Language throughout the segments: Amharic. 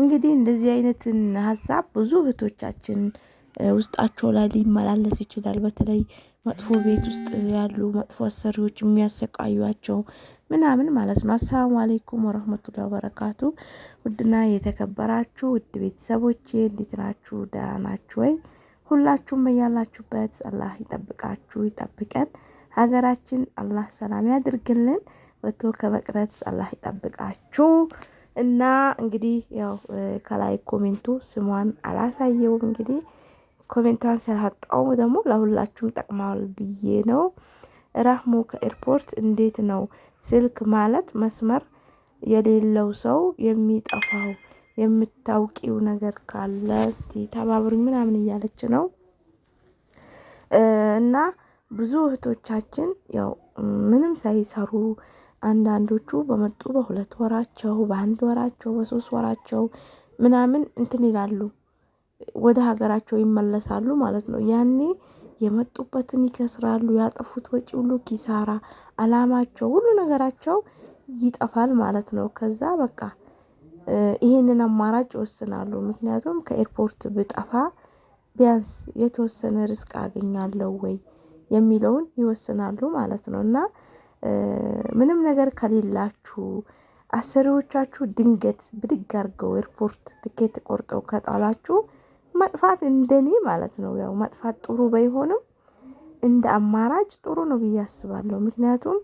እንግዲህ እንደዚህ አይነትን ሀሳብ ብዙ እህቶቻችን ውስጣቸው ላይ ሊመላለስ ይችላል። በተለይ መጥፎ ቤት ውስጥ ያሉ መጥፎ አሰሪዎች የሚያሰቃዩቸው ምናምን ማለት ነው። አሰላሙ አሌይኩም ወረህመቱላ ወበረካቱ። ውድና የተከበራችሁ ውድ ቤተሰቦቼ እንዴት ናችሁ? ደህና ናችሁ ወይ? ሁላችሁም በያላችሁበት አላህ ይጠብቃችሁ ይጠብቀን። ሀገራችን አላህ ሰላም ያድርግልን። ወጥቶ ከመቅረት አላህ ይጠብቃችሁ። እና እንግዲህ ያው ከላይ ኮሜንቱ ስሟን አላሳየውም። እንግዲህ ኮሜንቷን ስላጣው ደግሞ ለሁላችሁም ጠቅመዋል ብዬ ነው። ራህሙ ከኤርፖርት እንዴት ነው ስልክ ማለት መስመር የሌለው ሰው የሚጠፋው? የምታውቂው ነገር ካለ እስቲ ተባብሩኝ ምናምን እያለች ነው እና ብዙ እህቶቻችን ያው ምንም ሳይሰሩ አንዳንዶቹ በመጡ በሁለት ወራቸው በአንድ ወራቸው በሶስት ወራቸው ምናምን እንትን ይላሉ ወደ ሀገራቸው ይመለሳሉ ማለት ነው። ያኔ የመጡበትን ይከስራሉ ያጠፉት ወጪ ሁሉ ኪሳራ አላማቸው ሁሉ ነገራቸው ይጠፋል ማለት ነው። ከዛ በቃ ይሄንን አማራጭ ይወስናሉ። ምክንያቱም ከኤርፖርት ብጠፋ ቢያንስ የተወሰነ ርስቅ አገኛለሁ ወይ የሚለውን ይወስናሉ ማለት ነው። እና ምንም ነገር ከሌላችሁ አሰሪዎቻችሁ ድንገት ብድግ አርገው ኤርፖርት ትኬት ቆርጠው ከጣላችሁ መጥፋት እንደኔ ማለት ነው። ያው መጥፋት ጥሩ ባይሆንም እንደ አማራጭ ጥሩ ነው ብዬ አስባለሁ። ምክንያቱም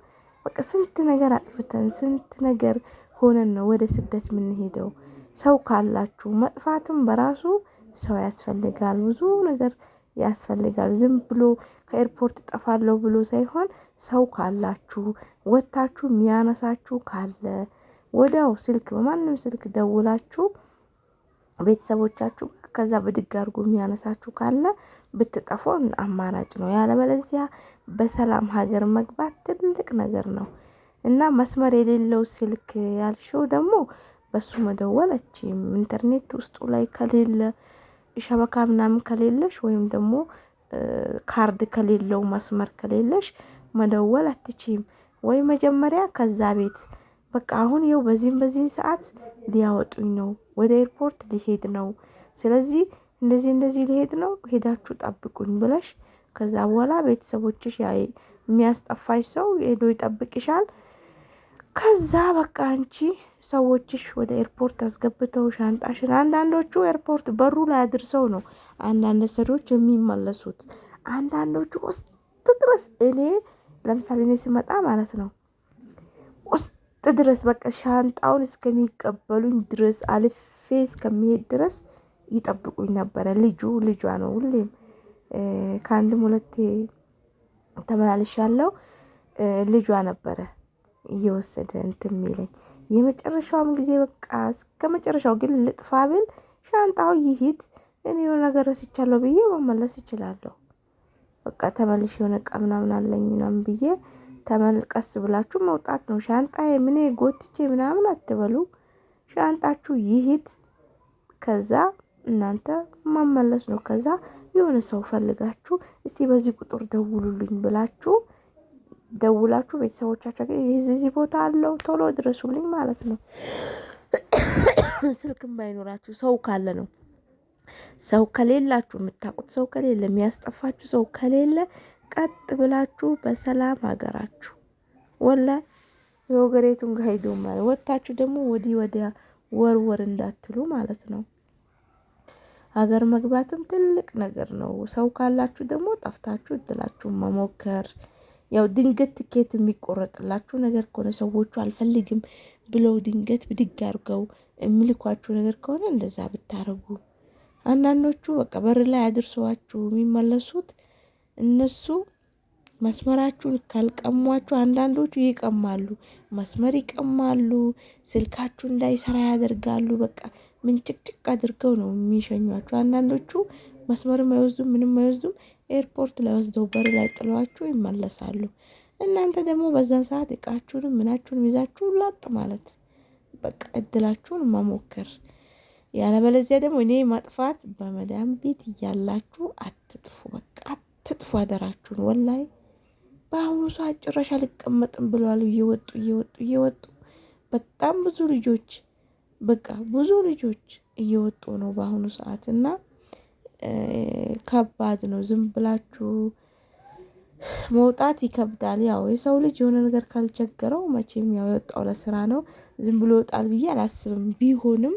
በቃ ስንት ነገር አጥፍተን ስንት ነገር ሆነን ነው ወደ ስደት የምንሄደው። ሰው ካላችሁ መጥፋትም በራሱ ሰው ያስፈልጋል። ብዙ ነገር ያስፈልጋል። ዝም ብሎ ከኤርፖርት እጠፋለሁ ብሎ ሳይሆን ሰው ካላችሁ ወታችሁ የሚያነሳችሁ ካለ ወዲያው ስልክ በማንም ስልክ ደውላችሁ ቤተሰቦቻችሁ ከዛ ብድግ አድርጎ የሚያነሳችሁ ካለ ብትጠፉ አማራጭ ነው። ያለበለዚያ በሰላም ሀገር መግባት ትልቅ ነገር ነው እና መስመር የሌለው ስልክ ያልሽው ደግሞ በሱ መደወል አችም ኢንተርኔት ውስጡ ላይ ከሌለ ሸበካ ምናምን ከሌለሽ ወይም ደግሞ ካርድ ከሌለው መስመር ከሌለሽ መደወል አትችም ወይ መጀመሪያ ከዛ ቤት በቃ አሁን ይኸው በዚህም በዚህ ሰዓት ሊያወጡኝ ነው፣ ወደ ኤርፖርት ሊሄድ ነው፣ ስለዚህ እንደዚህ እንደዚህ ሊሄድ ነው፣ ሄዳችሁ ጠብቁኝ ብለሽ ከዛ በኋላ ቤተሰቦችሽ የሚያስጠፋሽ ሰው ሄዶ ይጠብቅሻል። ከዛ በቃ አንቺ ሰዎችሽ ወደ ኤርፖርት አስገብተው ሻንጣሽን አንዳንዶቹ ኤርፖርት በሩ ላይ አድርሰው ነው አንዳንድ ሰዎች የሚመለሱት። አንዳንዶቹ ውስጥ ድረስ እኔ ለምሳሌ እኔ ስመጣ ማለት ነው ውስጥ ድረስ በቃ ሻንጣውን እስከሚቀበሉኝ ድረስ አልፌ እስከሚሄድ ድረስ ይጠብቁኝ ነበረ። ልጁ ልጇ ነው ሁሌም ከአንድም ሁለቴ ተመላልሻለሁ። ልጇ ነበረ እየወሰደ እንትን የሚለኝ የመጨረሻውም ጊዜ በቃ እስከ መጨረሻው ግን ልጥፋ ብል ሻንጣው ይሂድ፣ እኔ የሆነ ነገር ረስቻለሁ ብዬ መመለስ እችላለሁ። በቃ ተመልሽ የሆነ እቃ ምናምን አለኝ ምናምን ብዬ ተመልቀስ ብላችሁ መውጣት ነው። ሻንጣዬ ምን ጎትቼ ምናምን አትበሉ። ሻንጣችሁ ይሂድ፣ ከዛ እናንተ መመለስ ነው። ከዛ የሆነ ሰው ፈልጋችሁ እስቲ በዚህ ቁጥር ደውሉልኝ ብላችሁ ደውላችሁ ቤተሰቦቻቸው እዚህ ቦታ አለው ቶሎ ድረሱልኝ ማለት ነው። ስልክም ባይኖራችሁ ሰው ካለ ነው። ሰው ከሌላችሁ የምታውቁት ሰው ከሌለ የሚያስጠፋችሁ ሰው ከሌለ ቀጥ ብላችሁ በሰላም ሀገራችሁ ወላ የወገሬቱን ጋር ማለት ወጥታችሁ ደግሞ ወዲህ ወዲያ ወርወር እንዳትሉ ማለት ነው። ሀገር መግባትም ትልቅ ነገር ነው። ሰው ካላችሁ ደግሞ ጠፍታችሁ እድላችሁ መሞከር ያው ድንገት ትኬት የሚቆረጥላችሁ ነገር ከሆነ ሰዎቹ አልፈልግም ብለው ድንገት ብድግ አድርገው የሚልኳችሁ ነገር ከሆነ እንደዛ ብታረጉ። አንዳንዶቹ በቃ በር ላይ አድርሰዋችሁ የሚመለሱት እነሱ መስመራችሁን ካልቀሟችሁ፣ አንዳንዶቹ ይቀማሉ፣ መስመር ይቀማሉ፣ ስልካችሁ እንዳይሰራ ያደርጋሉ። በቃ ምንጭቅጭቅ አድርገው ነው የሚሸኟችሁ። አንዳንዶቹ መስመርም አይወስዱም፣ ምንም አይወስዱም። ኤርፖርት ለወስደው በር ላይ ጥሏችሁ ይመለሳሉ። እናንተ ደግሞ በዛን ሰዓት እቃችሁንም ምናችሁንም ይዛችሁ ላጥ ማለት በቃ እድላችሁን መሞከር። ያለበለዚያ ደግሞ እኔ ማጥፋት በመዳም ቤት እያላችሁ አትጥፉ፣ በቃ አትጥፉ አደራችሁን። ወላይ በአሁኑ ሰዓት ጭራሽ አልቀመጥም ብለዋል። እየወጡ እየወጡ እየወጡ በጣም ብዙ ልጆች በቃ ብዙ ልጆች እየወጡ ነው በአሁኑ ሰዓት እና ከባድ ነው። ዝም ብላችሁ መውጣት ይከብዳል። ያው የሰው ልጅ የሆነ ነገር ካልቸገረው መቼም ያው የወጣው ለስራ ነው። ዝም ብሎ ይወጣል ብዬ አላስብም። ቢሆንም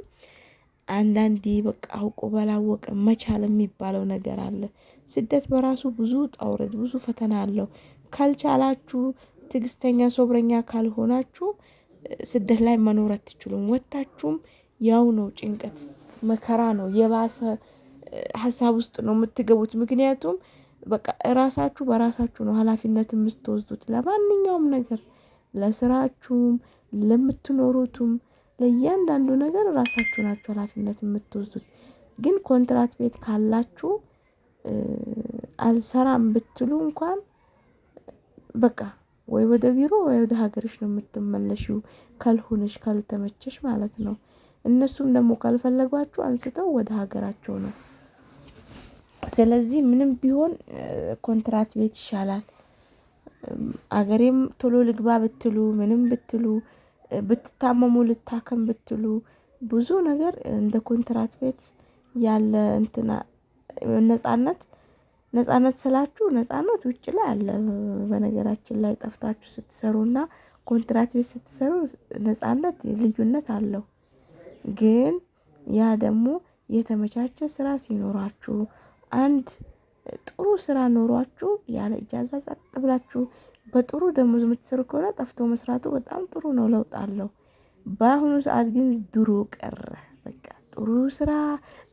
አንዳንዴ በቃ አውቆ ባላወቀ መቻል የሚባለው ነገር አለ። ስደት በራሱ ብዙ ጣውረድ ብዙ ፈተና አለው። ካልቻላችሁ ትዕግስተኛ ሶብረኛ ካልሆናችሁ ስደት ላይ መኖር አትችሉም። ወታችሁም ያው ነው ጭንቀት መከራ ነው የባሰ ሀሳብ ውስጥ ነው የምትገቡት። ምክንያቱም በቃ እራሳችሁ በራሳችሁ ነው ኃላፊነት የምትወስዱት ለማንኛውም ነገር ለስራችሁም፣ ለምትኖሩትም፣ ለእያንዳንዱ ነገር እራሳችሁ ናችሁ ኃላፊነት የምትወስዱት። ግን ኮንትራት ቤት ካላችሁ አልሰራም ብትሉ እንኳን በቃ ወይ ወደ ቢሮ ወይ ወደ ሀገርሽ ነው የምትመለሽው፣ ካልሆነሽ ካልተመቸሽ ማለት ነው። እነሱም ደግሞ ካልፈለጓችሁ አንስተው ወደ ሀገራቸው ነው ስለዚህ ምንም ቢሆን ኮንትራት ቤት ይሻላል። አገሬም ቶሎ ልግባ ብትሉ ምንም ብትሉ ብትታመሙ ልታከም ብትሉ ብዙ ነገር እንደ ኮንትራት ቤት ያለ እንትና ነጻነት ነጻነት ስላችሁ ነጻነት ውጭ ላይ አለ። በነገራችን ላይ ጠፍታችሁ ስትሰሩና ኮንትራት ቤት ስትሰሩ ነጻነት ልዩነት አለው። ግን ያ ደግሞ የተመቻቸ ስራ ሲኖራችሁ አንድ ጥሩ ስራ ኖሯችሁ ያለ እጃዛ ጸጥ ብላችሁ በጥሩ ደሞዝ የምትሰሩ ከሆነ ጠፍቶ መስራቱ በጣም ጥሩ ነው፣ ለውጥ አለው። በአሁኑ ሰዓት ግን ድሮ ቀረ። በቃ ጥሩ ስራ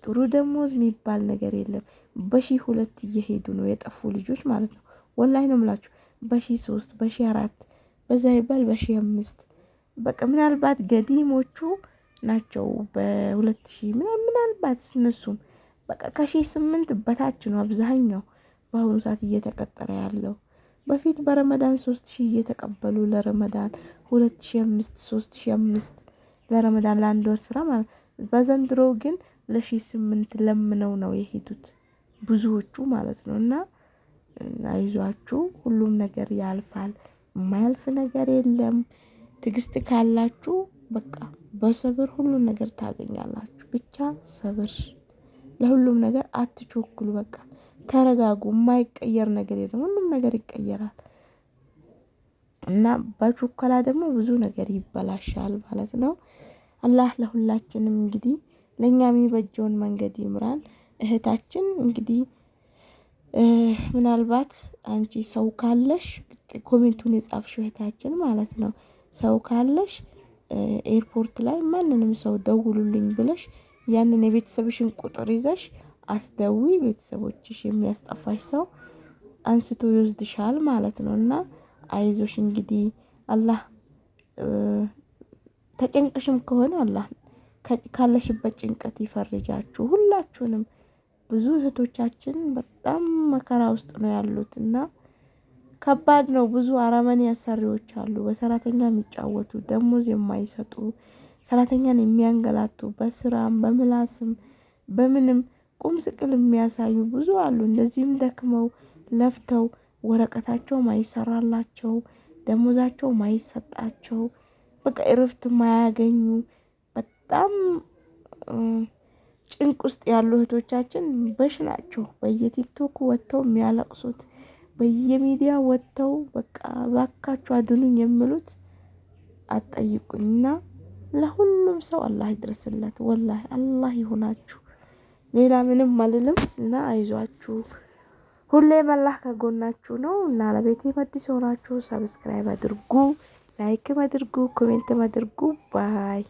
ጥሩ ደሞዝ የሚባል ነገር የለም። በሺ ሁለት እየሄዱ ነው የጠፉ ልጆች ማለት ነው። ወላሂ ነው የምላችሁ። በሺ ሶስት በሺ አራት በዛ ይባል በሺ አምስት በቃ ምናልባት ገዲሞቹ ናቸው በሁለት ሺ ምናልባት እነሱም በቃ ከሺህ ስምንት በታች ነው አብዛኛው በአሁኑ ሰዓት እየተቀጠረ ያለው። በፊት በረመዳን ሶስት ሺህ እየተቀበሉ ለረመዳን ሁለት ሺ አምስት ሶስት ሺ አምስት ለረመዳን ለአንድ ወር ስራ ማለት በዘንድሮ ግን ለሺ ስምንት ለምነው ነው የሄዱት ብዙዎቹ ማለት ነው። እና አይዟችሁ ሁሉም ነገር ያልፋል። የማያልፍ ነገር የለም። ትግስት ካላችሁ በቃ በሰብር ሁሉም ነገር ታገኛላችሁ። ብቻ ሰብር ለሁሉም ነገር አትቾክሉ። በቃ ተረጋጉ። የማይቀየር ነገር የለም። ሁሉም ነገር ይቀየራል እና በቾኮላ ደግሞ ብዙ ነገር ይበላሻል ማለት ነው። አላህ ለሁላችንም እንግዲህ ለእኛ የሚበጀውን መንገድ ይምራን። እህታችን እንግዲህ ምናልባት አንቺ ሰው ካለሽ ኮሜንቱን የጻፍሽው እህታችን ማለት ነው። ሰው ካለሽ ኤርፖርት ላይ ማንንም ሰው ደውሉልኝ ብለሽ ያንን የቤተሰብሽን ቁጥር ይዘሽ አስደዊ ቤተሰቦችሽ የሚያስጠፋሽ ሰው አንስቶ ይወስድሻል ማለት ነው። እና አይዞሽ እንግዲህ አላህ ተጨንቀሽም ከሆነ አላህ ካለሽበት ጭንቀት ይፈርጃችሁ። ሁላችሁንም ብዙ እህቶቻችን በጣም መከራ ውስጥ ነው ያሉት እና ከባድ ነው። ብዙ አረመኔ አሰሪዎች አሉ፣ በሰራተኛ የሚጫወቱ ደሞዝ የማይሰጡ ሰራተኛን የሚያንገላቱ በስራም በምላስም በምንም ቁም ስቅል የሚያሳዩ ብዙ አሉ። እንደዚህም ደክመው ለፍተው ወረቀታቸው ማይሰራላቸው ደሞዛቸው ማይሰጣቸው በቃ እርፍት ማያገኙ በጣም ጭንቅ ውስጥ ያሉ እህቶቻችን በሽ ናቸው። በየቲክቶኩ ወጥተው የሚያለቅሱት በየሚዲያ ወጥተው በቃ እባካችሁ አድኑኝ የሚሉት አትጠይቁኝና ለሁሉም ሰው አላህ ይድረስለት። ወላሂ አላህ ይሆናችሁ። ሌላ ምንም አልልም እና አይዟችሁ። ሁሌም አላህ ከጎናችሁ ነው እና ለቤቴ አዲስ ሆናችሁ ሰብስክራይብ አድርጉ፣ ላይክም አድርጉ፣ ኮሜንትም አድርጉ። ባይ